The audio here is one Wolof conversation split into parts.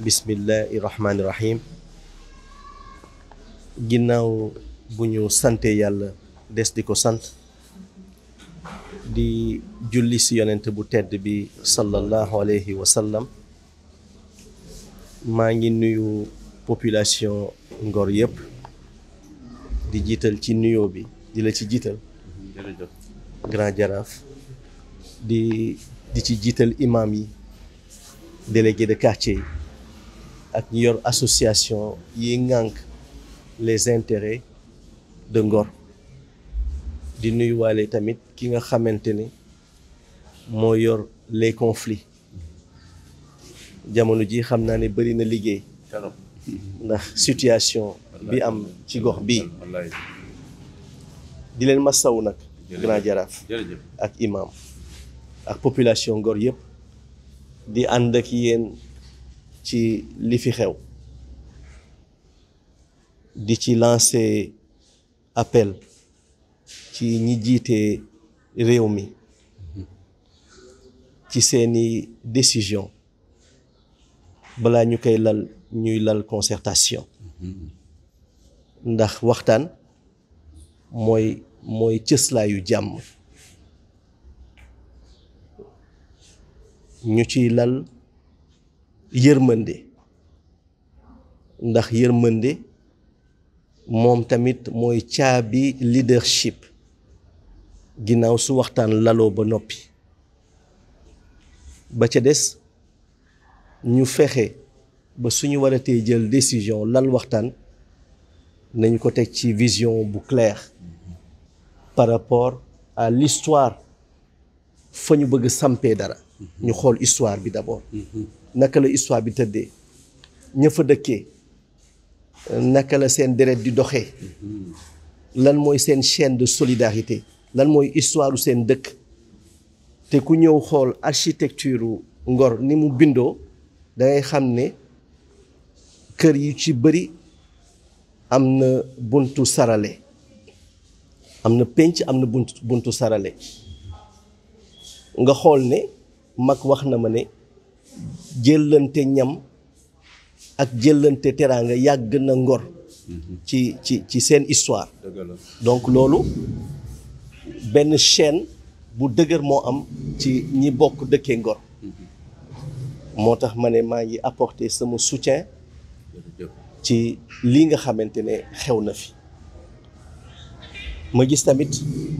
bismillahi rahmaani rahim ginnaaw bu ñu sante yàlla des di ko sant di julli si yonent bu tedd bi sallallahu alayhi wa sallam maa ngi nuyu population Ngor yépp di jiital ci nuyo bi di la ci jiital Grand Jaraaf di di ci jiital imaam yi délégué de quartier yi ak ñi yor association yi ngànk les intérêts de Ngor di nuyuwaale tamit ki nga xamante ne moo yor les conflits jamono ji xam naa ne bari na liggéey ndax situation bi am ci gox bii di leen ma saw nag Grand Jaraaf ak imam ak population Ngor yëpp di ànd ak yéen ci li fi xew di ci lancer appel ci ñi jiite réew mi ci seeni décision bala ñu koy lal ñuy lal consertation ndax waxtaan mooy mooy cëslaayu jàmm ñu ciy lal yërmënde ndax yërmande moom tamit mooy caabi leadership ginnaaw su waxtaan laloo ba noppi ba ca des ñu fexe ba suñu waratee jël décision lal waxtaan nañu ko teg ci vision bu claire par rapport à l'histoire fa ñu bëgg sampee dara ñu xool histoire bi d'abord mm-hmm. naka la histoire bi tëddee ña dëkkee naka la seen deret di doxee lan mooy seen chaine de solidarité lan mooy histoire seen dëkk te ku ñëw xool architecture Ngor ni mu bindoo dangay xam ne kër yu ci bëri am na buntu sarale am na pénc am na buntu buntu sarale nga xool ne mag wax na ma ne jëllante ñam ak jëlante teraanga yàgg na ngor ci ci ci seen histoire donc loolu benn chaine bu dëgër moo am ci ñi bokk dëkkee ngor moo tax ma ne maa ngi apporter sama soutien ci lii nga xamante ne xew na fi ma gis tamit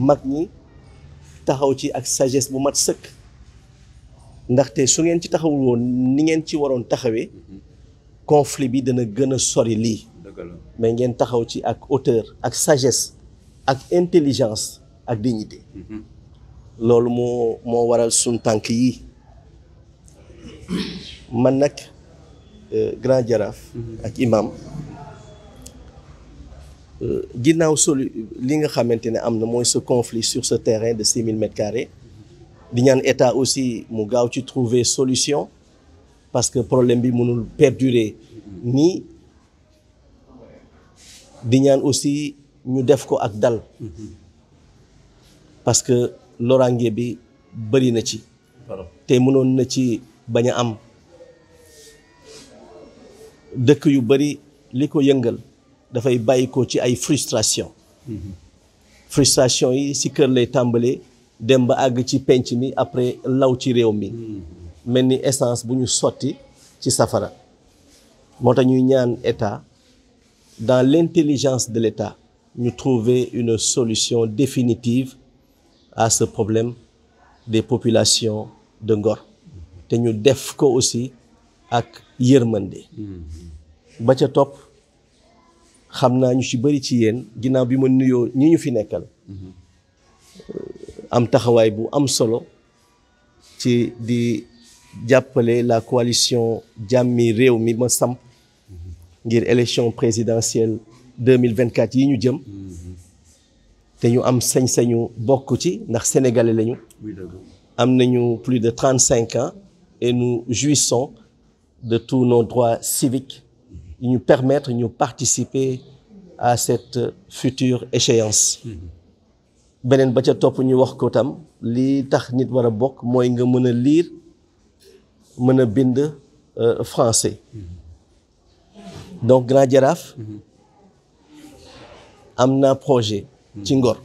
mag ñi taxaw ci ak sagesse bu mat sëkk ndaxte su ngeen ci taxawul ni ngeen ci waroon taxawee mhm. conflit bi dana gën a sori lii mais ngeen taxaw ci ak hauteur ak sagesse ak intelligence ak dignité mhm. loolu moo moo waral suñ tànk yi man nag euh, Grand Jaraaf mhm. ak imam euh, ginnaaw solu li nga xamante ne am na mooy ce conflit sur ce terrain de six mille mètres carrés diñaan ñaan état aussi mu gaaw ci trouver solution parce que problème bi mënul perdurer nii diñaan aussi ñu def ko ak dal parce que loraange bi bëri na ci te mënoon na ci bañ a am dëkk yu bëri li ko yëngal dafay bàyyi ko ci ay frustration mhm. frustration yi si kër lay tàmbalee dem ba àgg ci penc mi après law ci réew mi hmm. mel ni essence bu ñu sotti ci safara moo tax ñuy ñaan état dans l'intelligence de l'état ñu trouver une solution définitive à ce problème des populations de Ngor te ñu def ko aussi ak yërmande hmm. ba ca topp xam naa ñu ci bëri ci yéen ginnaaw bi ma nuyoo ñi ñu fi nekkal hmm. am taxawaay bu am solo ci di jàppale la coalition jàmmi réew mi ma samp ngir élection présidentielle 2024 yi ñu jëm te ñu am sañ-sañu bokk ci ndax sénégalais lañu am nañu plus de trente cinq ans et nous jouissons de tous nos droits civiques yi ñu permettre ñu participer à cette future échéance mm-hmm. beneen ba ca topp ñu wax ko tam lii tax nit war a bokk mooy nga mën a liir mën a bind euh, français mm-hmm. donc Grand Jaraaf mm-hmm. am naa projet mm-hmm. ci Ngor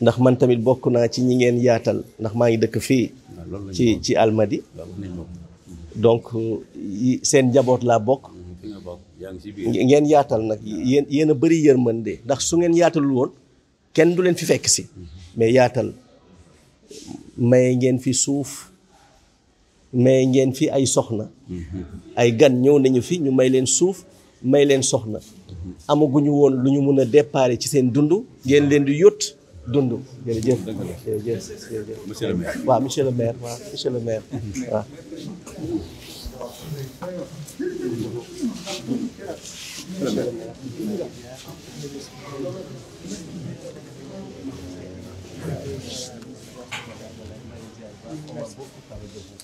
ndax man tamit bokk naa ci ñi ngeen yaatal ndax maa ngi dëkk fii ah, ci ci Almadi donc seen njaboot laa bokk ngeen yaatal nag yéen yéen a bëri de ndax su ngeen yaatalul woon kenn du leen fi fekk si mais yaatal may ngeen fi suuf maye ngeen fi ay soxna ay gan ñëw nañu fi ñu may leen suuf may leen soxna amaguñu woon lu ñu mën a déparé ci seen dund ngeen leen di yót dund jërëjëf jërëjëf jërëjëf monsieur On va beaucoup parler de vous.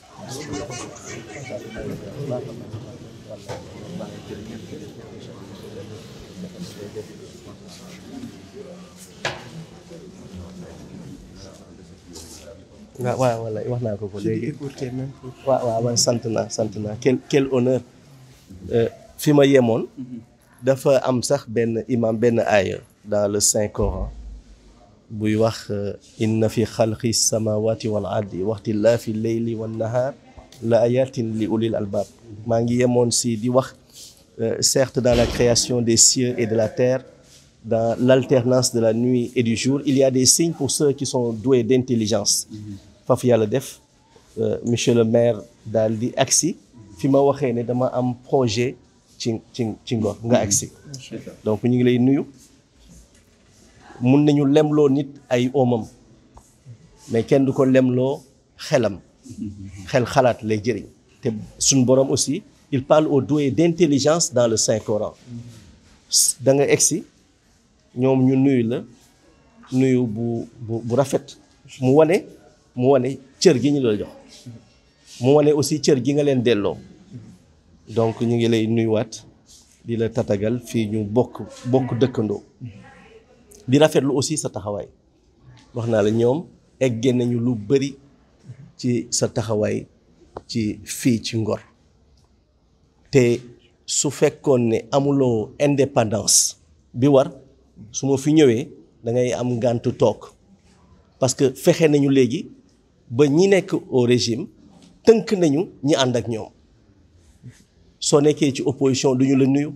waaw waaw wala wax naa ko ko léegi waaw euh, fi ma yemoon mhm. dafa am sax benn imam benn aaya dans le Saint Coran buy wax inna fi xalqi samawati wal ardi waxtilaafi leyli wan nahaar la ayatin li ulil albab maa ngi yemoon si di wax euh, certes dans la création des cieux et de la terre dans l'alternance de la nuit et du jour il y a des signes pour ceux qui sont doués d'intelligence faf yàlla def euh, monsieur le maire daal di agsi fi ma waxee ne dama am projet ci ci ci nga agsi donc ñu ngi lay nuyu mun nañu lemloo nit ay oomam mais kenn du ko lemloo xelam xel xalaat lay jëriñ te suñ borom aussi il parle aux doués d'intelligence dans le Saint Coran da nga egsi ñoom ñu nuyu la nuyu bu bu bu rafet mu wane mu wane cër gi ñu la jox mu wane aussi cër gi nga leen delloo donc ñu ngi lay nuyuwaat di la tatagal fii ñu bokk bokk dëkkandoo di rafetlu aussi sa taxawaay wax naa la ñoom egge nañu lu bëri ci sa taxawaay ci fii ci Ngor te su fekkoon ne amuloo indépendance bi war su ma fi ñëwee da ngay am ngàntu toog parce que fexe nañu léegi ba ñi nekk au régime tënk nañu ñi ànd ak ñoom soo nekkee ci opposition duñu la nuyu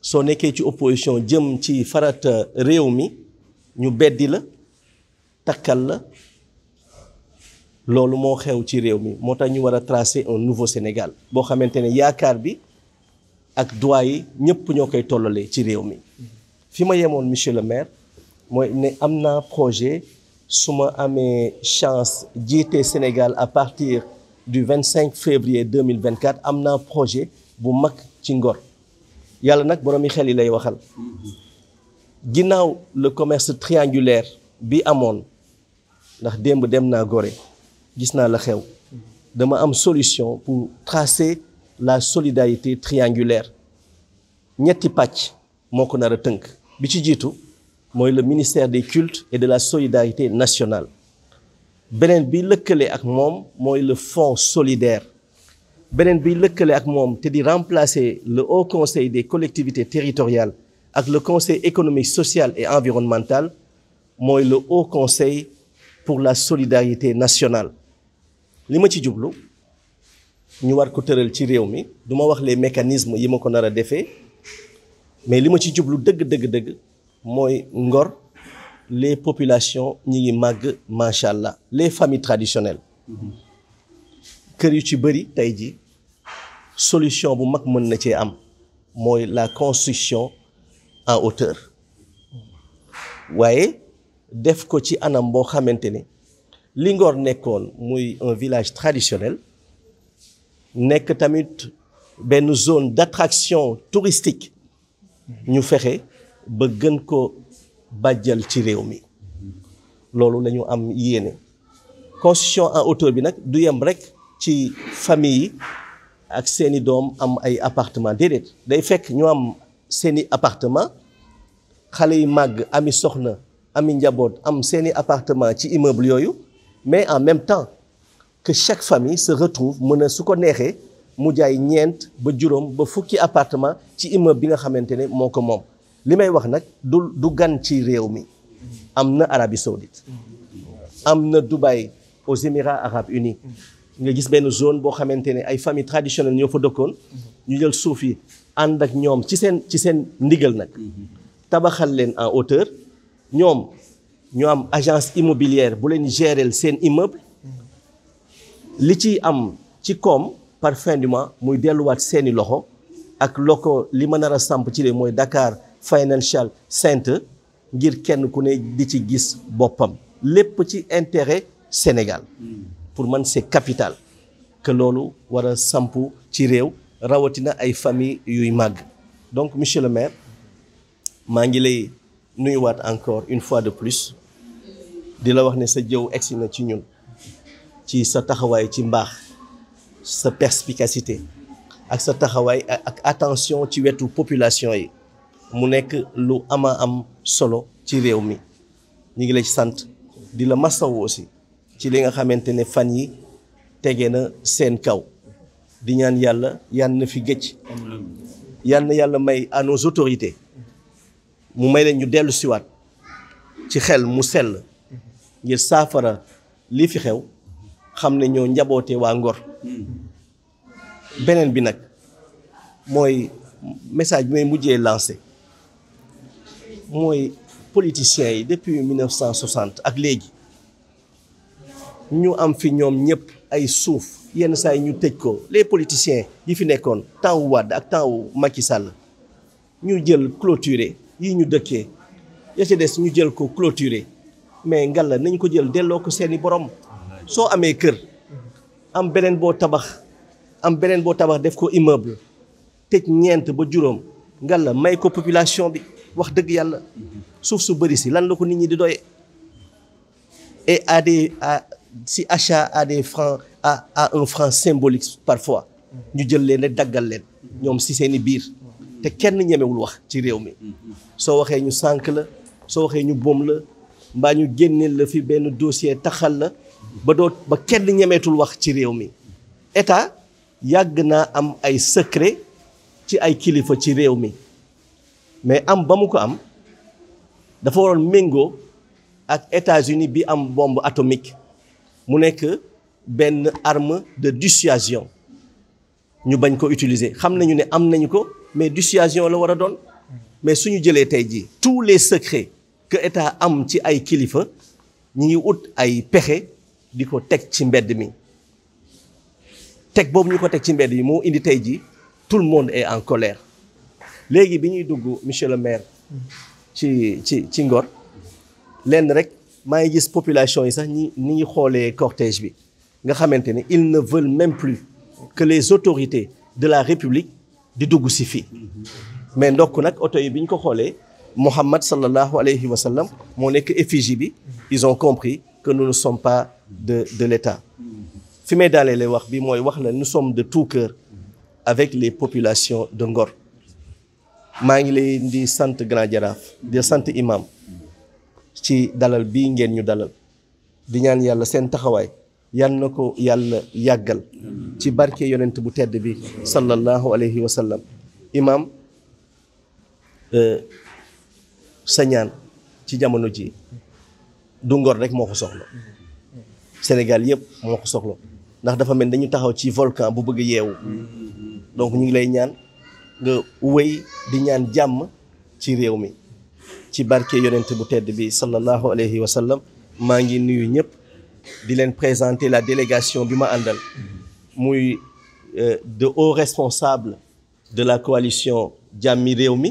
soo nekkee ci opposition jëm ci farata réew mi ñu beddi la takkal la loolu moo xew ci réew mi moo tax ñu war a tracer un nouveau Sénégal boo xamante ne yaakaar bi ak droit yi ñëpp ñoo koy tollalee ci réew mi fi ma yemoon monsieur le maire mooy ne am naa projet su ma amee chance jiitee Sénégal à partir du 25 février 2024 am naa projet bu mag ci Ngor yàlla nag borom yi xel yi lay waxal ginnaaw le commerce triangulaire bi amoon ndax démb dem naa gore gis naa la xew dama am solution pour tracer la solidarité triangulaire ñetti pàcc moo ko nar a tënk bi ci jiitu mooy le ministère des cultes et de la solidarité nationale beneen bi lëkkalee ak moom mooy le fonds solidaire beneen bi lëkkale ak moom te di remplacer le haut conseil des collectivités territoriale ak le conseil économique sociale et environnemental mooy le haut conseil pour la solidarité nationale li ma ci jublu ñu war ko tëral ci réew mi du ma wax les mécanismes yi ma ko nar a defee mais li ma ci jublu dëgg dëgg dëgg mooy ngor les populations ñi ngi màgg macha allah les familles traditionnelles mm-hmm. kër yu ci bëri tey ji solution bu mag mën na cee am mooy la construction en hauteur waaye def ko ci anam boo xamante ni li Ngor nekkoon muy un village traditionnel nekk tamit benn zone d'attraction touristique ñu fexe ba gën ko bàjjal ci réew mi loolu lañu am yéene construction en hauteur bi nag du yem rek ci famille yi ak seen i doom am ay appartement déedéet day fekk ñoo am seen i appartement xale yi màgg ami soxna ami njaboot am seen i appartement ci immeuble yooyu mais en même temps que chaque famille se retrouve mën a su ko neexee mu jaay ñeent ba juróom ba fukki appartement ci immeuble bi nga xamante ne moo ko moom li may wax nag du du gan ci réew mi am na Arabie Saoudite am na Dubaï aux Émirats Arabes Unis nga gis benn zone boo xamante ne ay famille traditionnelle ñoo fa dëkkoon ñu jël suuf yi ànd ak ñoom ci seen ci seen ndigal nag tabaxal leen en hauteur ñoom ñu am agence immobilière bu leen géreel seen immeuble li ci am ci koom par fin muy delluwaat seeni loxo ak loko li ma nar a samp ci lee mooy Dakar Financial Centre ngir kenn ku ne di ci gis boppam lépp ci intéret Sénégal pour man c'est capital que loolu war a sampu ci réew rawatina ay famille yuy màgg donc monsieur le maire maa ngi lay nuyuwaat encore une fois de plus di la wax ne sa jëw egsi na ci ñun ci sa taxawaay ci mbaax sa perspicacité ak sa taxawaay ak attention ci wetu population yi mu nekk lu ama am solo ci réew mi ñu ngi lay sant di la masaw aussi ci li nga xamante ne fan yi tege na seen kaw di ñaan yàlla yal na fi gëcc yal na yàlla may à nos autorités mu may leen ñu dellu ci xel mu sell ngir saafara li fi xew xam ne ñoo njaboote waa Ngor beneen bi nag mooy message bi may mujjee lancé mooy politiciens yi depuis 1960 ak léegi ñu am fi ñoom ñëpp ay suuf yenn saa yi ñu tëj ko les politiciens yi fi nekkoon temps wu ak temps wu Macky Sall ñu jël clôturer yi ñu dëkkee ya ca des ñu jël ko clôturer mais ngalla nañ ko jël delloo ko seeni borom soo amee kër am beneen boo tabax am beneen boo tabax def ko immeuble tëj ñeent ba juróom ngalla may ko population bi wax dëgg yàlla suuf su bëri si lan la ko nit ñi di doy et à si achat à des francs à à un franc symbolique parfois ñu jël leen rek daggal leen ñoom si seen i biir te kenn ñemewul wax ci réew mi soo waxee ñu sànk la soo waxee ñu boom la mbaa ñu génneel la fi benn dossier taxal la ba doo ba kenn ñemeetul wax ci réew mi état yàgg naa am ay secret ci ay kilifa ci réew mi mais am ba mu ko am dafa waroon méngoo ak États-Unis bi am bombe atomique mu nekk benn arme de dissuasion ñu bañ ko utiliser xam nañu ne am nañu ko mais dissuasion la war a doon mais su ñu jëlee tey jii tous les secrets que état am ci ay kilifa ñi ngi ut ay pexe di ko teg ci mbedd mi teg boobu ñu ko teg ci mbedd yi moo indi tey jii tout le monde est en colère léegi bi ñuy dugg monsieur le maire ci ci ci Ngor lenn rek maa ngi gis population yi sax ñi ni ñu xoolee cortège bi nga xamante ne ils ne veulent même plus que les autorités de la république di dugg si fi mais ndokk nag oto yi bi ñu ko xoolee Mouhammad sallallahu alayhi wa sallam moo nekk effigie bi ils ont compris que nous ne sommes pas de de l'État fi may daalee lay wax bi mooy wax la nous sommes de tout cœur avec les populations de Ngor maa ngi lay ndi sant Grand Jaraaf di sant imam ci dalal bi ngeen ñu dalal di ñaan yàlla seen taxawaay yal na ko yàlla yàggal ci barke yonent bu tedd bi sallallahu alayhi wa sallam imaam euh, sa ñaan ci jamono ji du Ngor rek moo ko soxla Sénégal yëpp moo ko soxla ndax dafa mel dañu taxaw ci volcan bu bëgg yeewu donc ñu ngi lay ñaan nga wéy di ñaan jàmm ci réew mi ci barke yonent bu tedd bi sallallahu alayhi wa sallam maa ngi nuyu ñëpp di leen présenter la délégation bi ma àndal muy euh, de hauts responsables de la coalition jàmmi réew mi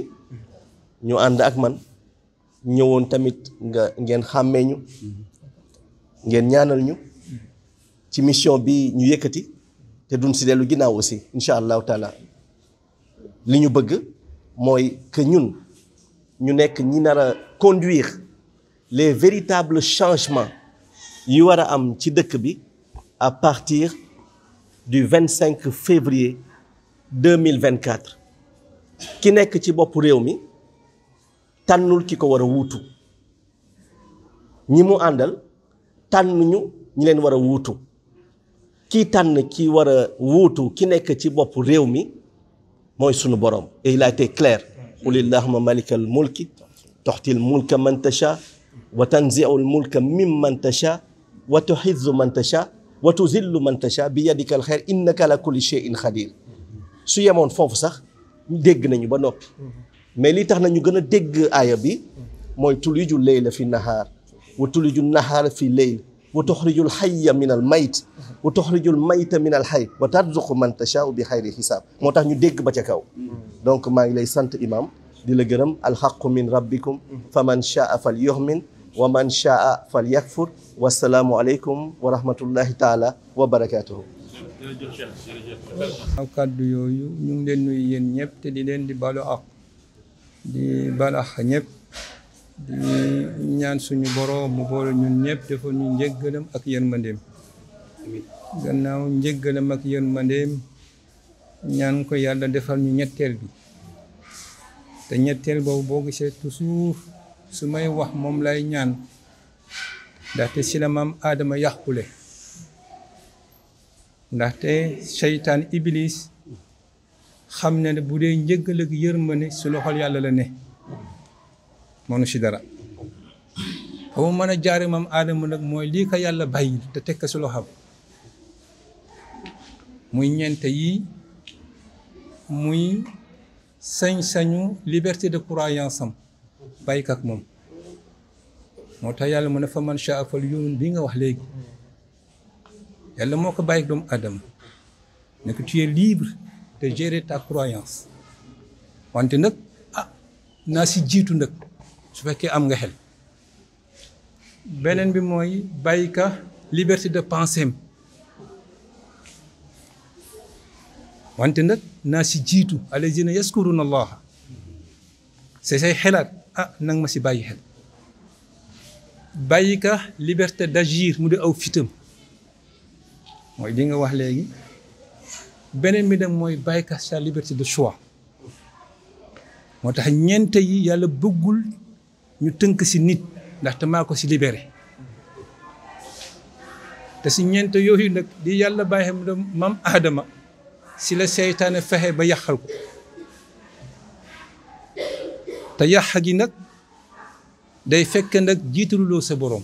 ñu ànd ak man ñëwoon tamit nga ngeen xàmmee ñu ngeen ñaanal ñu ci mission bi ñu yëkkati te duñ si dellu ginnaaw aussi incha allahu taala li ñu bëgg mooy que ñun ñu nekk ñi nar a conduire les véritables changement yi war a am ci dëkk bi à partir du vingt cinq février deux mille vingt quatre ki nekk ci bopp réew mi tànnul ki ko war a wuutu ñi mu àndal tànnuñu ñi leen war a wuutu kii tànn ki war a wuutu ki nekk ci bopp réew mi mooy sunu borom et il a été clair qul illahuma malika al mulki tuxti al mulka man tasha wa tanziu al mulka mimman tasha wa tuxizzu man tasha wa tuzillu man tasha bi yadika al xeer innaka ala kulli shay'in xadir su yemoon foofu sax dégg nañu ba noppi mais li tax nañu gën a dégg aaya bi mooy tuliju leyla fi nahaar wa tuliju nahaar fi leyl wa tuxrijul xayya min al mayt wa tuxrijul mayta min al xay wa tarzuqu man tashaau bi xayri xisaab moo tax ñu dégg ba ca kaw donc maa ngi lay sant imam di la gërëm alxaqu min rabbikum fa man shaa fal yuxmin wa man shaa fal yakfur wasalaamu aleykum wa rahmatullahi taala wa barakaatuhu aw kàddu yooyu ñu ngi leen nuyu yéen ñëpp te di leen di balu ak di balax ñëpp ñaan suñu boroom mu boole ñun ñëpp defal ñu njëggalam ak yërmandeem gannaaw njëggalam ak yërmandeem ñaan ko yàlla defal ñu ñetteel bi te ñetteel boobu boo gisee toujours su may wax moom lay ñaan ndaxte si la aadama yàqule ndaxte seytaan iblis xam na ne bu dee njëggal ak yërmande su loxol yàlla la ne mënu si dara fa mu mën a jaare maam aadama nag mooy lii ka yàlla bàyyi te teg ko si loo muy ñeente yi muy sañ-sañu liberté de croyance am bàyyi moom moo tax yàlla mu ne fa man shaa fal nga wax léegi yàlla moo ko bàyyi doomu aadama ne ko tu de gérer ta croyance wante nag ah naa si jiitu nag su fekkee am nga xel beneen bi mooy bàyyi ka liberté de pensée wante nag naa si jiitu allazina yaskuruna allaha c'est say xelaat ah nang ma si bàyyi xel bàyyi ka liberté d'agir mu di aw fitam mooy li nga wax léegi beneen bi nag mooy bàyyi ka sa liberté de choix moo tax ñeente yi yàlla bëggul ñu tënk si nit ndaxte maa ko si libéré te si ñeent yooyu nag di yàlla baaxee mu maam aadama si la seytaane fexe ba yàqal ko te yàq gi nag day fekk nag jiitaluloo sa borom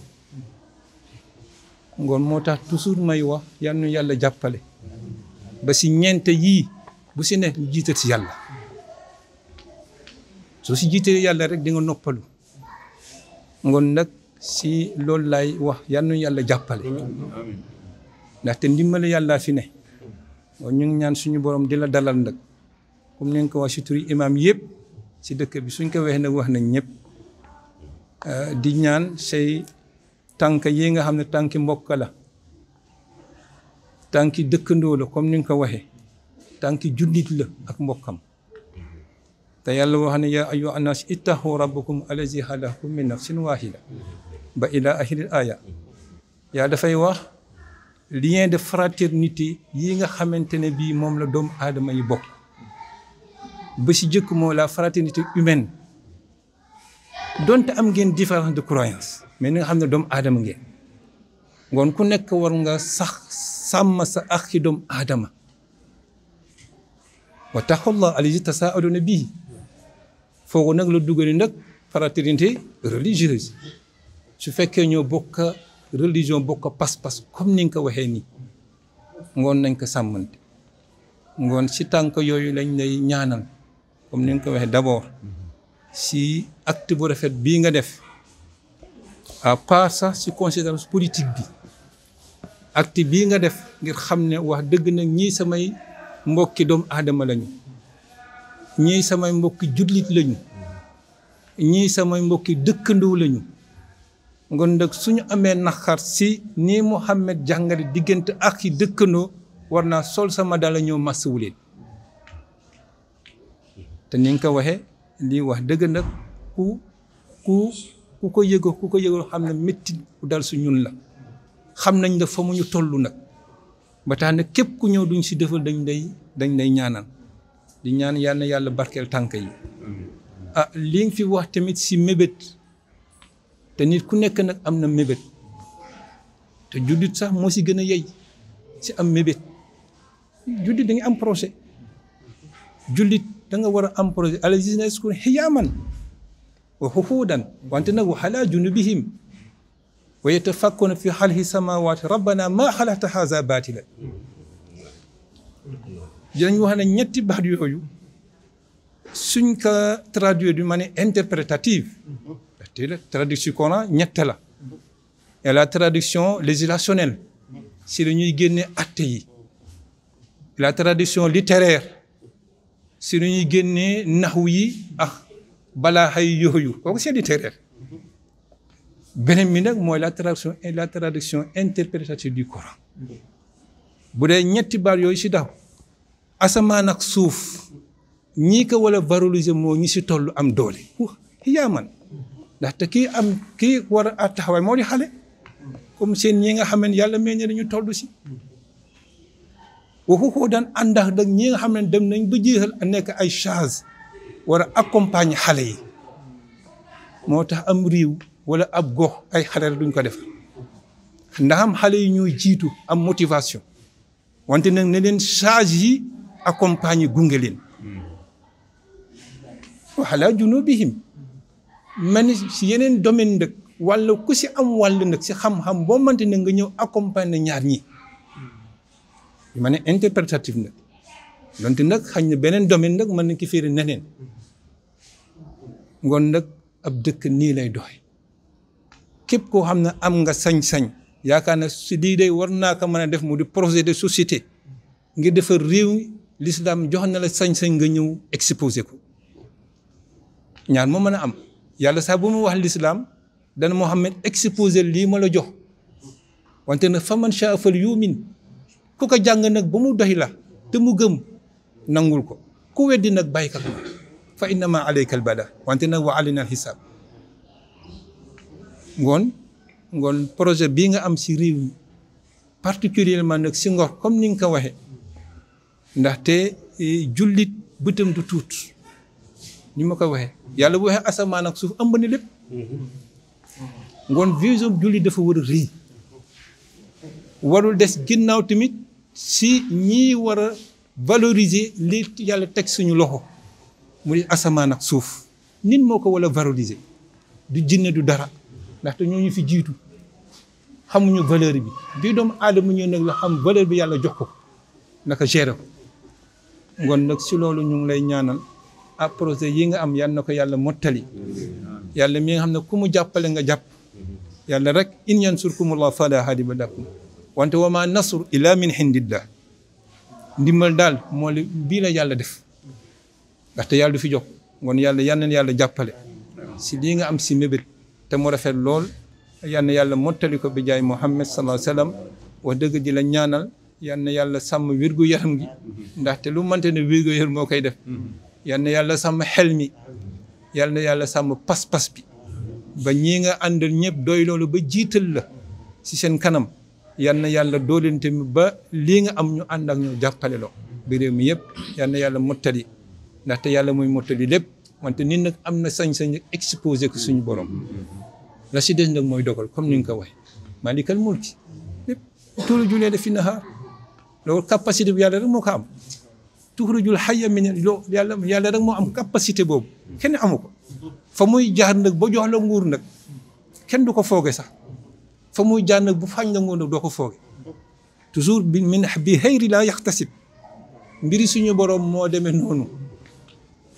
ngoon moo tax toujours may wax yal yàlla jàppale ba si ñeent yii bu si ne ñu jiital si yàlla soo si jiitalee yàlla rek di noppalu ngoon nag si loolu laay wax yal nañu yàlla jàppale ndaxte ndimbali yàlla fi ne ñu ñaan suñu borom di la dalal nag comme ni nga ko wax si turi imaam yëpp si dëkk bi suñ ko waxee nag wax nañ ñëpp euh, di ñaan say tànk yi nga xam ne tànki mbokk la tànki dëkkandoo la comme ni nga ko waxee tànki jullit la ak mbokkam te yàlla wax ne yaa ayyuhan naas ittaqu rabbakum allazi xalaqakum min nafsin waahida ba ila axiril aaya yaa dafay wax lien de fraternité yi nga xamante ne bii moom la doomu aadama yi bokk ba si jëkk moo la fraternité humaine donte am ngeen différence de croyance mais ni nga xam ne doomu aadama ngeen ngoon ku nekk war nga sax sàmm sa akki doomu aadama wa taqullah allazi tasaaluuna bihi foofu nag la dugal nag fraternité religieuse su fekkee ñoo bokk religion bokk pas-pas comme ni nga ko waxee nii ngoon nañ ko sàmmante ngoon si tànk yooyu lañ lay ñaanal comme ni nga ko waxee d'abord si acte bu rafet bii nga def à part sax si considération politique bi acte bii nga def ngir xam ne wax dëgg nag ñii samay mbokki doomu aadama lañu ñii samay mbokki jullit lañu ñii samay mbokki dëkkandoo lañu ngon nag suñu amee naxar si nii Mouhamed jàngale diggante ak yi dëkkandoo war naa sol sama dala ñëw masawu te ni nga ko waxee lii wax dëgg nag ku ku ko yëgoo ku ko yëgoo xam ne métti dal su ñun la xam nañ ne fa mu ñu toll nag ba tax na képp ku ñëw duñ si defal dañ day dañ day ñaanal di ñaan yal na yàlla barkeel tànk yi ah nga fi wax tamit si mébét te nit ku nekk nag am na mébét te juddit sax moo si gën a yey si am mébét juddit da nga am projet jullit danga war a am projet ala yaskun xiyaaman wa nag wa ala junubihim wa fi xalqi samawaati rabbana maa xalaqta haza baatila dinañ wax ne ñetti baat yooyu suñ ko traduire d'une manière interprétative la traduction coran ñette la et la traduction législationnelle si la ñuy génne atte yi la traduction littéraire si la ñuy génne naxu yi ak balaaxa yi yooyu kooku c'est littéraire beneen bi nag mooy la traduction la traduction interprétative du coran bu dee ñetti baat yooyu si daw asamaan ak suuf ñii ko wala valoriser moo ñi si toll am doole xiyaaman ndaxte kii am kii war a taxawaay moo di xale comme seen ñi nga xam ne yàlla meññ nañu tollu si waxu ko daan àndax dag ñi nga xam dem nañ ba jeexal nekk ay charge war a accompagner xale yi moo tax am réew wala ab gox ay xale duñ ko def ndaxam xale yi ñooy jiitu am motivation wante nag ne charge yi accompagner gunge leen waxalaa junubihim man si yeneen domaine nag walla ku si am wàll nag si xam-xam boo mënte ne nga ñëw accompagner ñaar ñi yu ne interprétatif nag donte nag xañ na beneen domaine nag mën na ki fiiri neneen ngoon nag ab dëkk nii lay doxe képp koo xam na am nga sañ-sañ yaakaar na si lii day war naa ko mën a def mu di projet de société ngir defar réew l'islam jox na la sañ-sañ nga ñëw exposé ko ñaar moo mën a am yàlla sax bu mu wax l'islam dana Muhammad exposé lii ma la jox wante nag fa man shaa fal yumin ku ko jàng nag ba mu doy la te mu gëm nangul ko ku weddi nag bàyyi ko fa innama alayka albala wante nag wa alina alxisaab ngoon ngoon projet bii nga am si réew mi particulièrement nag si ngor comme ni nga ko waxee ndaxte eh, jullit bëtam du tuut ñu ma ko waxee yàlla bu waxee asamaan ak suuf ëmb na lépp ngoon vision jullit dafa war a rëy warul des ginnaaw tamit si ñii war a valoriser li yàlla teg suñu loxo mu di asamaan ak suuf nit moo ko wala valoriser du jinne du dara ndaxte ñooñu fi jiitu xamuñu valeur bi bii doomu aadama ñëw nag la xam valeur bi yàlla jox ko naka gérer kon nag si loolu ñu ngi lay ñaanal ah projet yi nga am yal ko yàlla mottali yàlla mi nga xam ne ku mu jàppale nga jàpp yàlla rek in yansurkumullah fala ba lakum wante wo maa nasru illa min hindillah ndimbal daal moo li bii la yàlla def ndaxte yàlla du fi jox kon yàlla yal na yàlla jàppale si lii nga am si mébét te mu rafet lool yal yàlla mottali ko bi jaay Muhammad sallallahu alayhi wa sallam wax dëgg di la ñaanal yal na yàlla sàmm wirgo gu yaram gi mm-hmm. ndaxte lu mante ne wér-gu-yaram moo koy def mm-hmm. yal yàlla sàmm xel mi yal na yàlla sàmm pas-pas bi ba ñii nga àndal ñëpp doy loolu ba jiital la si seen kanam yal na yàlla doolente mi ba lii nga am ñu ànd ak ñu jàppale loo bi mi yëpp yal na yàlla mottali ndaxte yàlla mooy mottali lépp wante nit nag am na sañ-sañ exposé ko suñu borom la si des nag mooy dogal comme ni nga ko waxee maalikal mulki lépp tuulu julee da fi nahaar loolu capacité bi yàlla rek moo ko am tuxurujul xayya min yàlla yàlla rek moo am capacité boobu kenn amu fa muy jaar nag ba jox la nguur nag kenn du ko fooge sax fa muy jaar nag bu fañ la nguur nag doo ko fooge toujours bi min bi xëyri laa yaxtasib mbiri suñu borom moo demee noonu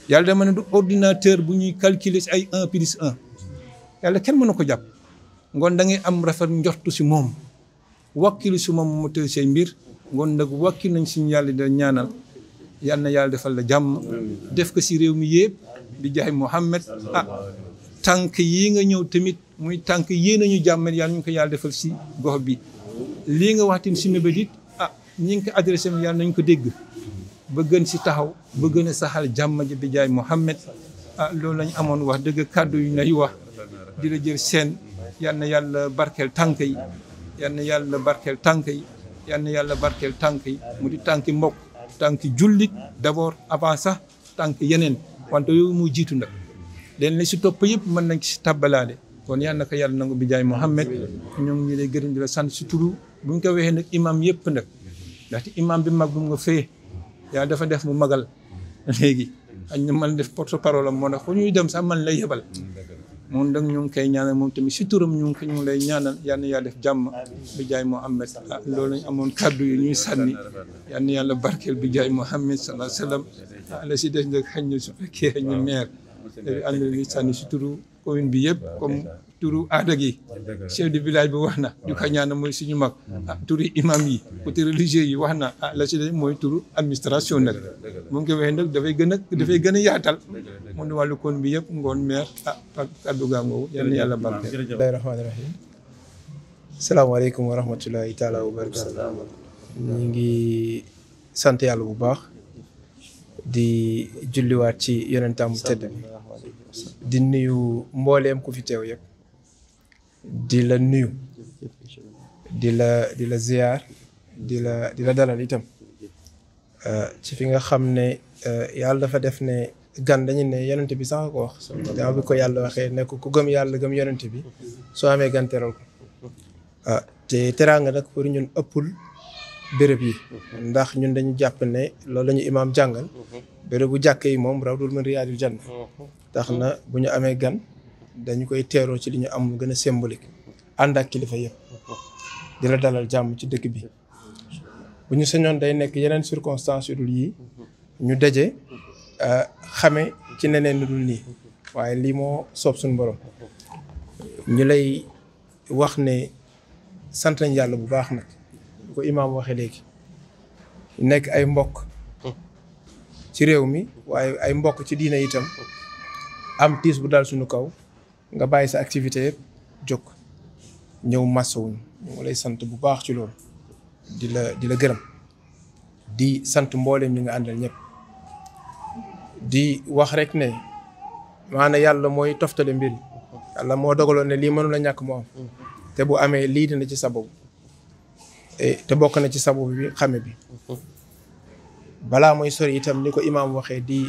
yàlla dama ne du ordinateur bu ñuy calculer ay un plus un yàlla kenn nu ko jàpp ngoon da ngay am rafet njortu si moom wakkilu si moom mu tëj say mbir ngoon nag wàkki nañ suñu yàlla da ñaanal yal na yàlla defal la jàmm def ko si réew mi yëpp bi jaay Mouhamed ah tànk yi nga ñëw tamit muy tànk yéen nañu jàmmal yàlla ñu ko yàlla defal si gox bi lii nga waxtin si nëbët it ah ñi ngi ko adressé mi yàlla nañ ko dégg ba gën si taxaw ba gën a saxal jàmm ji bi jaay Mouhamed ah loolu lañ amoon wax dëgg kàddu yu nay wax di la jël seen yal na yàlla barkeel tànk yi yal na yàlla barkeel tànk yi yal na yàlla barkeel tànk yi mu di tànki mbokk tànki jullit d'abord avant sax tànk yeneen wante yooyu mu jiitu nag leen la si topp yëpp mën nañ ci si tàbbalaale kon yal na yàlla nangu bi jaay Mouhamed ñoom ñu lay gërëm di sant si turu bu ñu ko waxee nag imam yëpp nag ndaxte imam bi mag bu mu nga fee yàlla dafa def mu magal léegi añ na man def porte parole moo tax fu ñuy dem sax man lay yebal moom dang ñu ngi koy ñaanal moom tamit si turam ñu ngi lay ñaanal yal na yàlla def jàmm bi jaay Muhammad ah loolu lañ amoon kàddu yu ñuy sànni yal na yàlla barkeel bi jaay Muhammad sallallahu alayhi wasallam ah la si des nag xëy na su fekkee xëy na maire dañuy ànd li si turu commune yëpp turu aada gi chef de village bi wax na ñu ko ñaan mooy suñu mag ah turu imam yi côté religieux yi wax na ah la ci des mooy turu administration nag mu ngi koy waxee nag dafay gën a dafay gën a yaatal mu ne wàllu koon bi yëpp ngoon maire ah ak kaddu gaa ngoogu yal na yàlla barke bismillahi rahmaani rahim salaamaaleykum wa rahmatulahi taala wa barakatu ñu ngi sant yàlla bu baax di julliwaat ci yonentaam bu tedd bi di nuyu mbooleem ku fi teew yëpp di la nuyu di la di la ziyaar di la di dalal itam euh, ci fi nga xam ne euh, yàlla dafa def ne gan dañu ne yonent bi sax ko wax dama bi ko yàlla waxee ne ko gëm yàlla gëm yonent bi soo amee gan teral ko euh, te teraanga nag pour ñun ëppul béréb yi ndax ñun dañu jàpp ne loolu lañu imam jàngal béréb bu jàkk yi moom raw dul mën riyaadul janna tax na bu ñu amee gan dañu koy teeroo ci li ñu am mu gën a symbolique ànd ak kilifa yëpp di la dalal jàmm ci dëkk bi bu ñu sañoon day nekk yeneen circonstance yu dul yii ñu daje euh, xame ci neneen lu dul nii waaye lii moo soob suñu borom ñu lay wax ne sant nañ yàlla bu baax nag ko imaam waxee léegi nekk ay mbokk ci réew mi waaye ay mbokk ci diine itam am tiis bu dal suñu kaw nga bàyyi sa activité yëpp jóg ñëw massawuñu ñu lay sant bu baax ci loolu di la di la gërëm di sant mbooleem ñi nga àndal ñëpp di wax rek ne maanaam yàlla mooy toftale mbir yàlla moo dogaloon ne lii mënu ñàkk moom te bu amee lii dina ci sababu e, te bokk na ci sababu bi xame bi balaa mooy sori itam ni ko imaam waxee di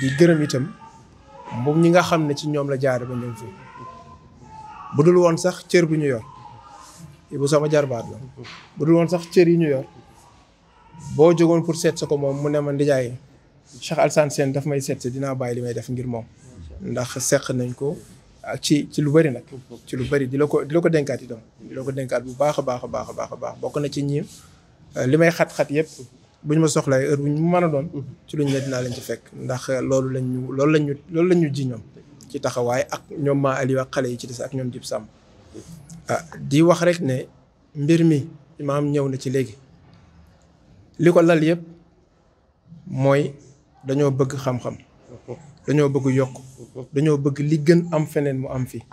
di gërëm itam moom ñi nga xam ne ci ñoom la jaare ba ñoom fii bu dul woon sax cër bi ñu yor bu sama jarbaat la bu dul woon sax cër yi ñu yor boo jógoon pour seet sa ko moom mu ne ma ndijaay Cheikh Alassane Sène daf may seet si dinaa bàyyi li may def ngir moom ndax seq nañ ko ak ah, ci ci lu bëri nag ci lu bari di la ko di la ko dénkaat itam di la ko dénkaat bu baax a baax a baax a baax a baax bokk na ci ñi ah, li may xat-xat yëpp bu ñu ma soxlaa heure bu ñu ma a doon mhm. ci lu ñu ne dinaa leen ci fekk ndax eh, loolu lañ ñu loolu lañ ñu loolu lañ ñu ji ñoom ci taxawaay ak ñoom ma Aliou ak xale yi ci des ak ñoom Dip Samb ah, di wax rek ne mbir mi maam ñëw na ci léegi li ko lal yëpp mooy dañoo bëgg xam-xam dañoo bëgg yokk dañoo bëgg li gën am feneen mu am fii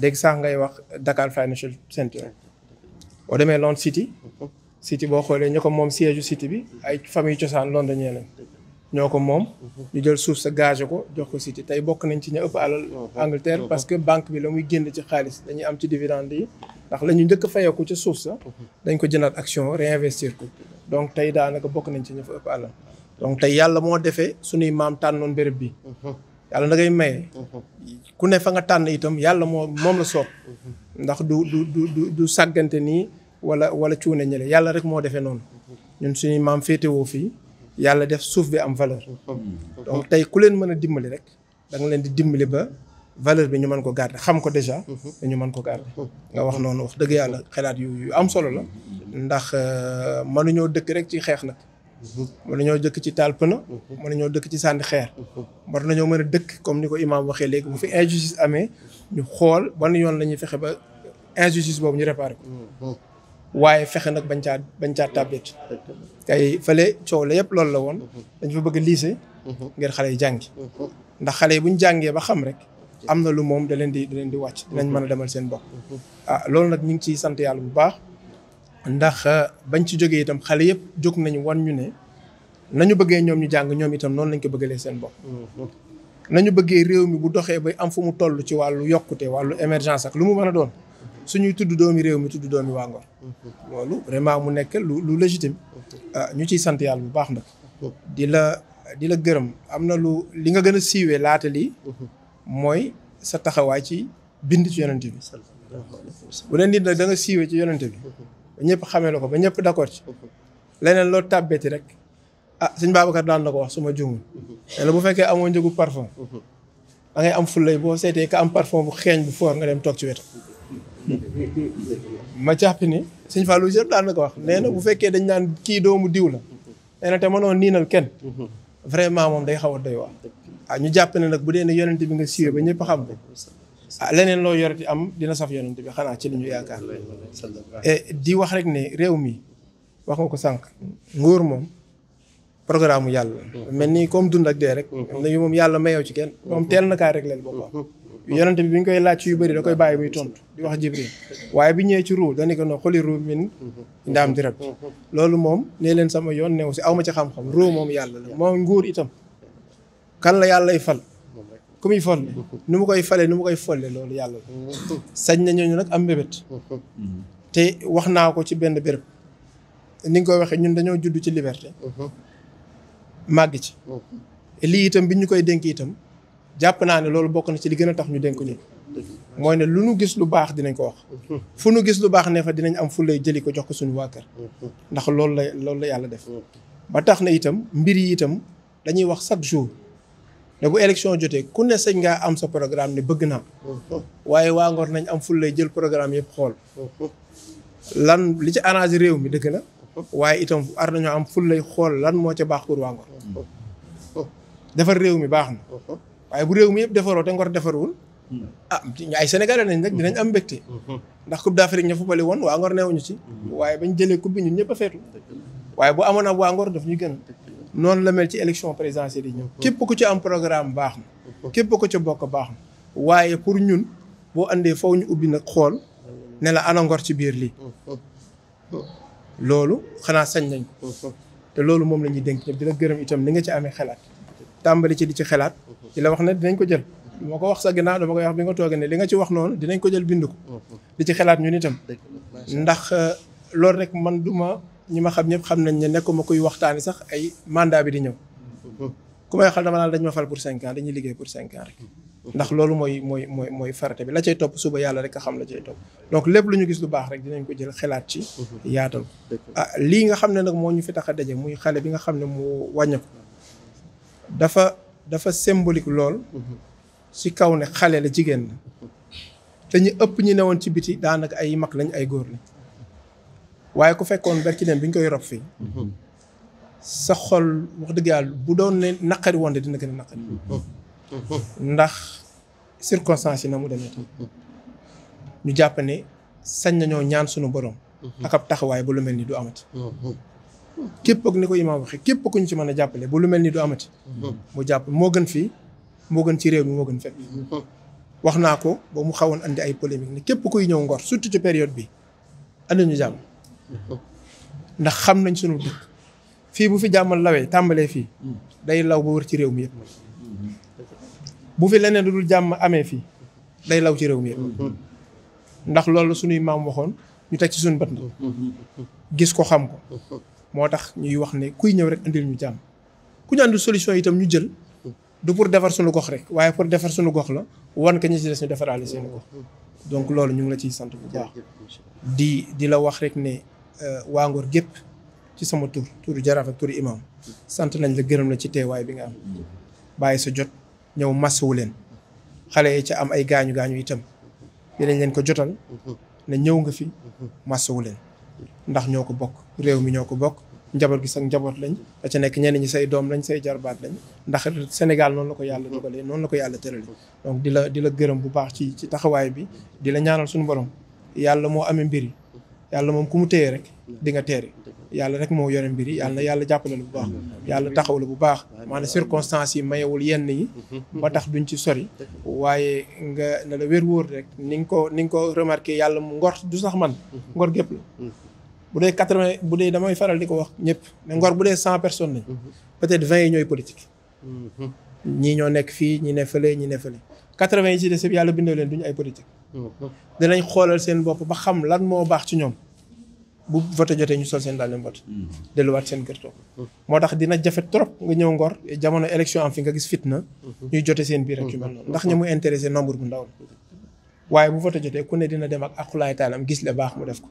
dégg sax ngay wax Dakar Financial Center boo demee London City cité boo xoolee ñu ko moom siège u cité bi ay famille cosaan loon dañee lañ ñoo ko moom ñu jël suuf sa gage ko jox ko cité tey bokk nañ ci ñu ëpp alal Angleterre parce que banque bi la muy génn ci xaalis dañu am ci dividende yi ndax la ñu njëkk fayeeku ca suuf sa dañ ko jënaat action réinvestir ko donc tey daanaka bokk nañ ci ñu fa ëpp alal donc tey yàlla moo defee suñuy maam tànnoon béréb bi yàlla da ngay maye ku ne fa nga tànn itam yàlla moo moom la soob ndax du du du du sàggante wala wala cuune ñële yàlla rek moo defee noonu ñun suñuy maam féetewoo fii yàlla def suuf bi am valeur donc tey ku leen mën a dimbali rek da leen di dimbali ba valeur bi ñu mën ko garder xam ko déjà dañu mën ko garder nga wax noonu wax dëgg yàlla xalaat yu yu am solo la ndax euh, mënuñoo dëkk rek ci xeex nag mënuñoo dëkk ci taal pëna mënuñoo dëkk ci sànni xeer war nañoo mën a dëkk comme ni ko imaam waxee léegi bu fi injustice amee ñu xool ban yoon la ñuy fexe ba injustice boobu ñu réparé ko waaye fexe nag bañ caa bañ caa tàbbeet kay fale coow la yëpp loolu la woon dañ fa bëgg lycée ngir xale yi jàngi ndax xale yi bu ñu jàngee ba xam rek am na lu moom da leen di da leen di wàcc nañ mën a demal seen bopp ah loolu nag ñu ngi ciy sant yàlla bu baax ndax ah, bañ ci jógee itam xale yëpp jóg nañu wan ñu ne nañu bëggee ñoom ñu jàng ñoom itam noonu lañ ko bëggalee seen bopp nañu bëggee réew mi bu doxee ba am fu mu toll ci wàllu yokkute wàllu émergence ak lu mu mën a doon suñuy tudd doomi réew mi tudd doomi waa Ngor loolu vraiment mu nekk lu lu légitime ah, ñu ciy sant yàlla bu baax nag di la di la gërëm am na lu li nga gën a siiwee laata li mooy sa taxawaay ci bind ci yonent bi bu leen nit nag da ci yonent bi ñëpp xamee la ko ba ñëpp d'accord ci leneen loo tàbbeeti rek ah sëñ Babacar daan na ko wax suma jumul te bu fekkee amoo njëgu parfum da am am fullay boo seetee ka am parfum bu xeeñ bu foor nga dem toog ci wetam ma jàpp ni sëñ Fallou Diop daan na ko wax nee na bu fekkee dañ naan kii doomu diw la nee na te mënoo niinal kenn vraiment moom day xaw a doy wax ah ñu jàpp ne nag bu dee ne yonent bi nga siiwee ba ñëpp xam ko ah leneen loo yoreti am dina saf yonent bi xanaa ci lu ñu yaakaar et eh, di wax rek ne réew mi wax ko sànq nguur moom programme yàlla mel ni comme dund ak dee rek am na yu moom yàlla mayoo ci kenn moom teel na kaa régleel boppam yonent bi bi ñu koy laaj yu bëri da koy bàyyi muy tontu di wax jibril waaye bi ñëwee ci ru dañu ko non xoli ruux min ndaam di rek loolu moom nee leen sama yoon new si aw ma ci xam-xam ruux moom yàlla la moom nguur itam kan la yàlla yàllay fal ku muy folle nu mu koy falee nu mu koy folle loolu yàlla la sañ na ñooñu nag am mbébét mhm. te wax naa ko ci benn béréb ni nga koy waxee ñun dañoo judd ci liberté mhm. màgg ci mhm. lii itam bi ñu koy dénk itam jàpp naa ne loolu bokk na ci li gën a tax ñu dénk ñu mooy ne lu nu gis lu baax dinañ ko wax fu nu gis lu baax ne fa dinañ am fu lay jëli ko jox ko suñu waa ndax loolu la loolu la yàlla def ba tax na itam mbir yi itam dañuy wax chaque jour ne bu élection jotee ku ne sañ ngaa am sa programme ne bëgg naa waaye waa Ngor nañ am fu lay jël programme yëpp xool lan li ci arrangé réew mi dëgg na waaye itam ar nañoo am fu lay xool lan moo ci baax pour waa Ngor réew mi baax na waaye bu réew mi yëpp defaroo te Ngor defarul hmm. ah ay sénégalais nañ nag dinañ am mbégte hmm. Hmm. ndax coupe d'Afrique fu bale woon waa Ngor ñu ci waaye bañ jëlee coupe bi ñun ñëpp a feetu waaye bu amoon a waa Ngor daf ñu gën noonu la mel ci élection présidentielle yi ñëw képp ku ci am programme baax na képp ko ci bokk baax na waaye pour ñun boo indee faw ñu ubbi nag xool ne la ana Ngor ci biir lii loolu xanaa sañ nañ ko te loolu moom la ñuy dénk ñëpp di la gërëm itam ni nga ci amee xalaat tàmbali ci di ci xelaat ci mhm. la wax ne dinañ ko jël moo ko wax sa ginnaaw dama koy wax bi nga toogee ne li nga ci wax noonu dinañ ko jël bind ko mhm. di ci xelaat ñun itam ndax euh, loolu rek man du ma ñi ma xam ñëpp xam nañ ne nekkuma kuy waxtaani sax ay mandat bi di ñëw mhm. ku may xal dama naan dañ ma fal pour cinq dañuy liggéey pour cinq ans rek ndax loolu mooy mooy mooy mooy farate bi la cay topp suba yàlla rek xam la cay topp donc lépp lu ñu gis lu baax rek dinañ ko jël xelaat ci yaatal ah lii nga xam ne nag moo ñu fi tax a daje muy xale bi nga xam ne mu wàññeeku dafa dafa symbolique lool ci kaw ne xale la jigéen la te ñu ëpp ñu newoon ci biti daanaka ay mag lañ ay góor lañ waaye ku fekkoon berki dem bi ñu koy rob fii sa xol wax dëgg yàlla bu doon ne naqari woon de dina gën a naqari ndax circonstances yi na mu demee tam ñu jàpp ni sañ nañoo ñaan sunu borom ak ab taxawaay bu lu mel nii du amati képp ak ni ko yi imaam waxee képp ku ñu ci mën a jàppale bu lu mel ni du amati. mu jàpp moo gën fii moo gën ci réew mi moo gën fépp. wax naa ko ba mu xawoon andi ay polémique ne képp kuy ñëw ngor surtout ci période bi andi ñu jàmm. ndax xam nañ sunu dëkk fii bu fi jàmmal lawee tàmbalee fii day law ba wër ci réew mi yëpp. bu fi leneen lu dul jàmm amee fii day law ci réew mi yëpp. ndax loolu suñuy maam waxoon ñu teg ci suñu bët. gis ko xam ko. moo tax ñuy wax ne kuy ñëw rek indil ñu jàmm ku ñu àndul solution yitam ñu jël du pour defar suñu gox rek waaye pour defar suñu gox la wan ka ñu ci des ñu defaraale seen gox donc loolu ñu ngi la ciy sant bu baax di di la wax rek ne euh, waa Ngor gépp ci sama tur turu jaraaf ak turu imam sant nañ la gërëm la ci teewaay bi nga am bàyyi sa jot ñëw wu leen xale yi ca am ay gaañu gaañu itam dinañ leen ko jotal mm-hmm. ne ñëw nga fi wu leen ndax ñoo ko bokk réew mi ñoo ko bokk njaboot gi sax njaboot lañ da ca nekk ñenn ñi say doom lañ say jarbaat lañ ndax Sénégal noonu la ko yàlla dogalee noonu la ko yàlla tëralee donc di la di la gërëm bu baax ci ci taxawaay bi di la ñaanal suñu borom yàlla moo amee mbir yi yàlla moom ku mu téye rek di nga teere yàlla rek moo yore mbir yi yàlla na yàlla jàppale la bu baax yàlla taxaw la bu baax maanaam circonstances yi mayewul yenn yi ba tax duñ ci sori waaye nga na la wér wóor rek ni nga ko ni nga ko remarqué yàlla mu ngor du sax man ngor gépp la bu dee quatre vingt bu dee damay faral di ko wax ñëpp mais Ngor bu dee cent personnes lañ peut-être vingt yi ñooy politique mm-hmm. ñi ñoo nekk fii ñi ne fële ñi ne fële quatre yi ci des yàlla bindoo leen duñu ay politique mm-hmm. dinañ xoolal seen bopp ba xam lan moo baax ci ñoom bu vote jotee ñu sol seen daal leen vote mm-hmm. delluwaat seen kër toog moo tax dina jafe trop nga ñëw Ngor jamono élection am fi nga gis fitna ñu jote seen biir ak yu ndax ña mu intéressé nombre bu ndaw la waaye bu jotee ku ne dina dem ak aqulaay taalam gis le baax mu def ko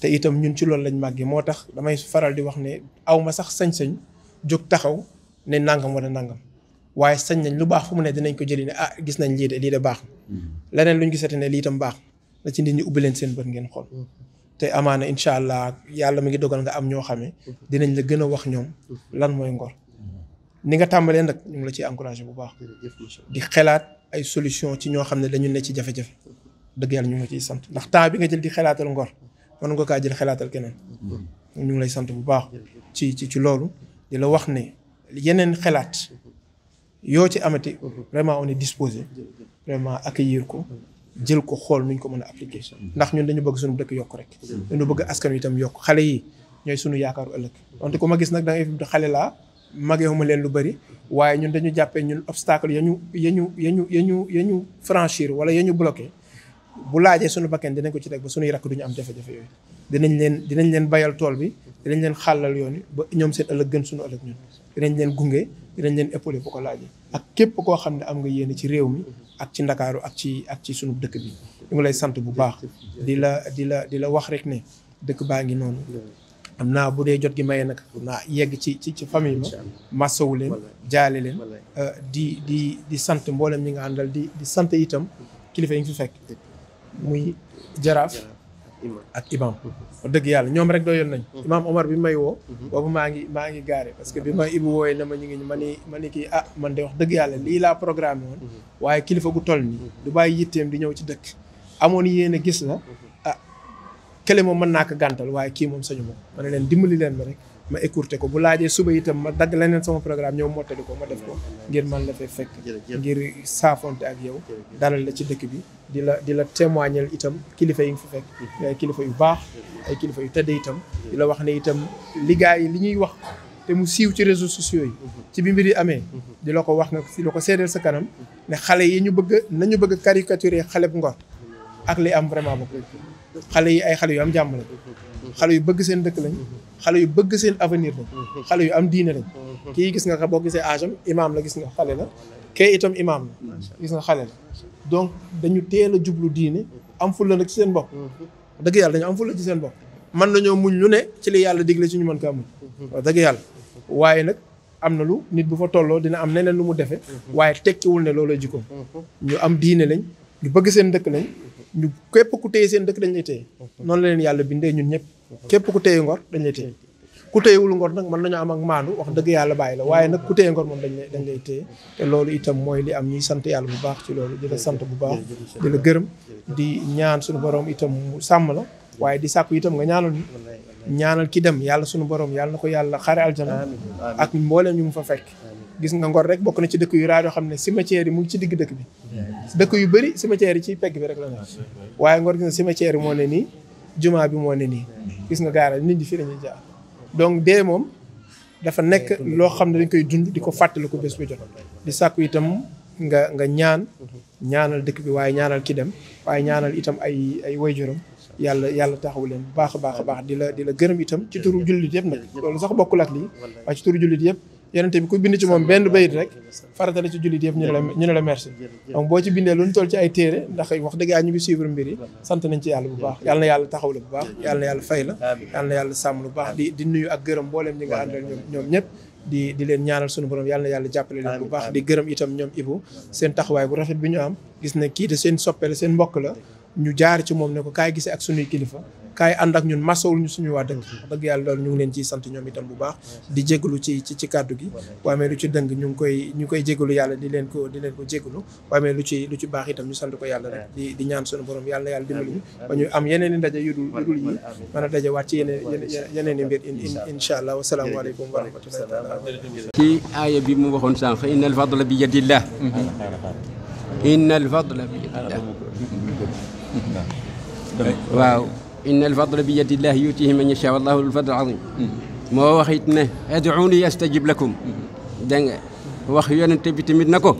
te itam ñun ci loolu lañ yi moo tax damay faral di wax ne aw ma sax sañ-sañ jóg taxaw ne nangam wala nangam waaye sañ nañ lu baax fu mu ne dinañ ko jëli ne ah gis nañ lii de lii de baax mm-hmm. leneen luñ gisati ne lii tam baax na ci nit ñi ubbi seen bët ngeen xool mm-hmm. te amaana incha allah yàlla mi ngi dogal nga am ñoo xamee mm-hmm. dinañ la gën a wax ñoom lan mooy ngor ni nga tàmbalee nag ñu la ciy encouragé bu baax di xelaat ay solution ci ñoo xam ne dañu ne ci jafe-jafe dëgg ñu ngi ciy sant ndax temps bi nga jël di xelaatal ngor mën nga kaa jël xalaatal keneen ñu ngi lay sant bu baax ci ci ci loolu di la wax ne yeneen xalaat yoo ci amati vraiment on est disposé vraiment accueillir ko jël ko xool nuñ ko mën a appliquer ndax ñun dañu bëgg suñu dëkk yokk rek dañu bëgg askan wi itam yokk xale yi ñooy suñu yaakaaru ëllëg wante ku ma gis nag da ngay fi xale laa mageewuma leen lu bari waaye ñun dañu jàppee ñun obstacle ya yañu yañu yañu ya ñu ya franchir wala ya ñu bloqué bu laajee suñu bakkan dinañ ko ci teg ba suñuy rakk duñu am jafe-jafe yooyu dinañ leen dinañ leen bayal tool bi dinañ leen xàllal yoon yi ba ñoom seen ëllëg gën suñu ëllëg ñun dinañ leen gunge dinañ leen épaulé bu ko laajee ak képp koo xam ne am nga yéene ci réew mi ak ci ndakaaru ak ci ak ci sunu dëkk bi ñu ngi lay sant bu baax di la di la di la wax rek ne dëkk baa ngi noonu am naa bu dee jot gi mayee nag naa yegg ci ci ci famille ma massawu leen jaale leen euh, di di di sant mboolem ñi nga àndal di di sant itam kilifa yi muy jaraaf ak imam wax dëgg yàlla ñoom rek doyoon nañ mhm. imam Omar bi may woo mhm. boobu maa ngi maa ngi gaare parce que bi ma ibu wooyee na ma ñu ngi ma ni ma ni kii ah man de wax dëgg yàlla lii laa programme woon mhm. waaye kilifa gu toll nii du bàyyi yitteem di ñëw ci dëkk amoon yéen a gis la ah kële moom mën naa ko gàntal waaye kii moom sañu ma ma ne leen dimbali leen ma rek ma écourté ko bu laajee suba itam ma dagg leneen sama programme ñëw mottali ko ma def ko ngir man la fay fekk ngir saafonte ak yow dalal la ci dëkk bi di la di la témoigner itam kilifa yi nga fi fekk mhm. ay kilifa yu baax ay kilifa yu tëddee itam di la wax ne itam liggéey yi li ñuy wax te mu siiw ci réseau sociaux yi mhm. ci bi mbir yi amee mhm. di la ko wax nga si la ko seedeel sa kanam ne xale yi ñu bëgg nañu bëgg caricaturer xale bu Ngor ak li am vraiment bokk xale yi ay xale yu am jàmm xale yu bëgg seen dëkk lañ xale yu bëgg seen avenir lañ xale yu am diine lañ kii gis nga boo gisee âge am imaam la gis nga xale la kee itam imaam la gis nga xale la donc dañu teel a jublu diine am fulla nag ci seen bopp dëgg yàlla dañu am fulla ci seen bopp mën nañoo muñ lu ne ci li yàlla digle ci ñu mën kaa muñ wax yàlla waaye nag am na lu nit bu fa tolloo dina am leen lu mu defee waaye tekkiwul ne loolu looloo jikkoom ñu am diine lañ ñu bëgg seen dëkk lañ ñu képp ku téye seen dëkk dañ lay téye noonu la leen yàlla bindee ñun ñëpp képp ku téye ngor dañ lay téye ku téyewul ngor nag mën nañoo am ak maandu wax dëgg yàlla bàyyi la waaye nag ku téye ngor moom dañ lay dañ téye te loolu itam mooy li am ñuy sant yàlla bu baax ci loolu di la sant bu baax di la gërëm di ñaan suñu borom itam mu sàmm la waaye di sàkku itam nga ñaanal ñu ñaanal ki dem yàlla suñu borom yàlla na ko yàlla xare aljana ak mbooleem ñu mu fa fekk gis nga ngor rek bokk na ci dëkk yu raar xam ne cimetière yi mu ngi ci digg dëkk bi dëkk yu bëri cimetière yi ci pegg rek la ne waaye yi moo ne nii jumaa bi moo ne nii gis nga gaara nit ñi fii lañuy jaar donc dee moom dafa nekk loo xam ne dañ koy dund di ko fàttali ko bés bu jot di sàkku itam nga nga ñaan ñaanal dëkk bi waaye ñaanal ki dem waaye ñaanal itam ay ay waajuram yàlla yàlla taxawu leen bu baax a baax baax di la di la gërëm itam ci turu jullit yëpp nag loolu sax bokkul ak lii waaye ci turu jullit yëpp yonent bi ku bind ci moom benn bayit rek farata la ci jullit yëpp ñu ne la ñu ne la merci donc boo ci bindee lu ñu toll ci ay téere ndax wax dëgg yàlla ñu ngi suivre mbir sant nañ ci yàlla bu baax yàlla na yàlla taxaw la bu baax yàlla na yàlla fay la yàlla na sàmm lu baax di di nuyu ak gërëm mbooleem ñi nga àndal ñoom ñoom ñëpp di di leen ñaanal sunu borom yàlla yàlla jàppale leen bu baax di gërëm itam ñoom Ibou seen taxawaay bu rafet bi ñu am gis ne kii de seen soppe la seen mbokk la ñu jaar ci moom ne ko kaay gisee ak sunuy kilifa kaay ànd ak ñun masawul ñu suñu waa dëng wax dëgg yàlla loolu ñu leen ciy sant ñoom itam bu baax di jégalu ci ci ci kàddu gi waaye mais lu ci dëng ñu koy ñu koy jégalu yàlla di leen ko di leen ko jégalu waaye mais lu ci lu ci baax itam ñu sant ko yàlla rek di di ñaan suñu borom yàlla yàlla dimbali ñu ba ñu am yeneen i ndaje yu dul yu dul yi mën a daje waat ci yeneen yeneen i mbir incha allah wasalaamaaleykum wa rahmatullahi taala ci aaya bi mu waxoon sànq innal fadla bi yadillah innal fadla bi yadillah waaw inna alfadla bi yadillahi yutihi man yasha wallahu alfadl azim moo wax it ne ad'uuni astajib lakum dégg nga wax yonent bi tamit na ko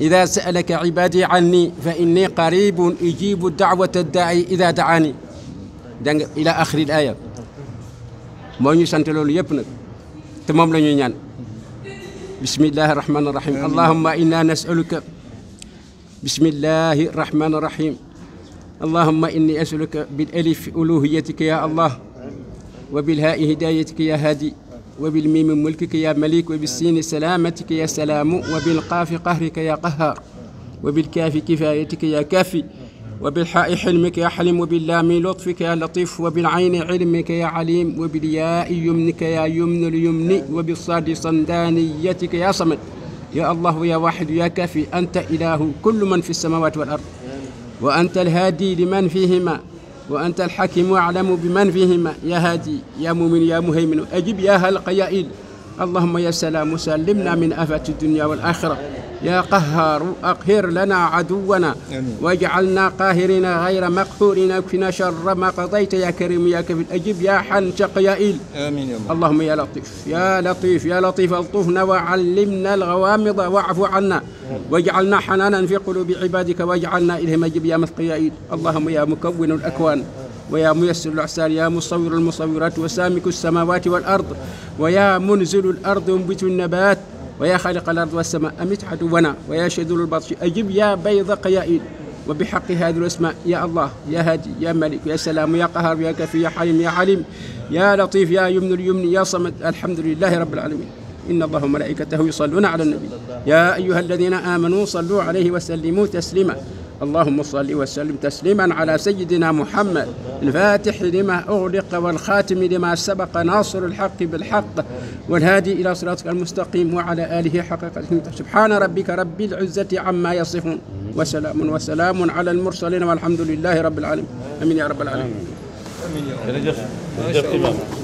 ida sa'alaka ibadi anni fa inni qaribun ujibu da'wata da'i ida da'ani dégg nga ila axiril aya moo ñu sant loolu yëpp nag te moom la ñuy ñaan bismillahi rahmani rahim allahumma inna nas'aluka bismillahi rahmani rahim اللهم إني أسألك بالألف ألوهيتك يا الله وبالهاء هدايتك يا هادي وبالميم ملكك يا مليك وبالسين سلامتك يا سلام وبالقاف قهرك يا قهار وبالكاف كفايتك يا كافي وبالحاء حلمك يا حلم وباللام لطفك يا لطيف وبالعين علمك يا عليم وبالياء يمنك يا يمن اليمني وبالصاد صندانيتك يا صمد يا الله يا واحد يا كافي أنت إله كل من في السماوات والأرض وأنت الهادي لمن فيهما وأنت الحكيم أعلم بمن فيهما يا هادي يا مؤمن يا مهيمن أجب يا هلق يا إيل اللهم يا سلام سلمنا من آفة الدنيا والآخرة يا قهار أقهر لنا عدونا واجعلنا قاهرين غير مقهورين كفنا شر ما قضيت يا كريم يا كفيل أجب يا حنشق يا إيل آمين يا الله. اللهم يا لطيف يا لطيف يا لطيف الطفنا وعلمنا الغوامض واعف عنا واجعلنا حنانا في قلوب عبادك واجعلنا إلهم أجب يا مثقي يا إيل اللهم يا مكون الأكوان ويا ميسر الأحسان يا مصور المصورات وسامك السماوات والأرض ويا منزل الأرض ينبت النبات ويا خالق الأرض والسماء أمت عدونا ويا شذول البطش أجب يا بيض قيائد وبحق هذا الأسماء يا الله يا هادي يا ملك يا سلام يا قهر يا كفي يا حليم يا عليم يا لطيف يا يمن اليمن يا صمد الحمد لله رب العالمين إن الله وملائكته يصلون على النبي يا أيها الذين آمنوا صلوا عليه وسلموا تسليما اللهم صل وسلم تسليما على سيدنا محمد الفاتح لما أغلق والخاتم لما سبق ناصر الحق بالحق والهادي إلى صراطك المستقيم وعلى آله حقيقة سبحان ربك رب العزة عما يصفون وسلام وسلام على المرسلين والحمد لله رب العالمين آمين يا رب العالمين آمين يا رب العالمين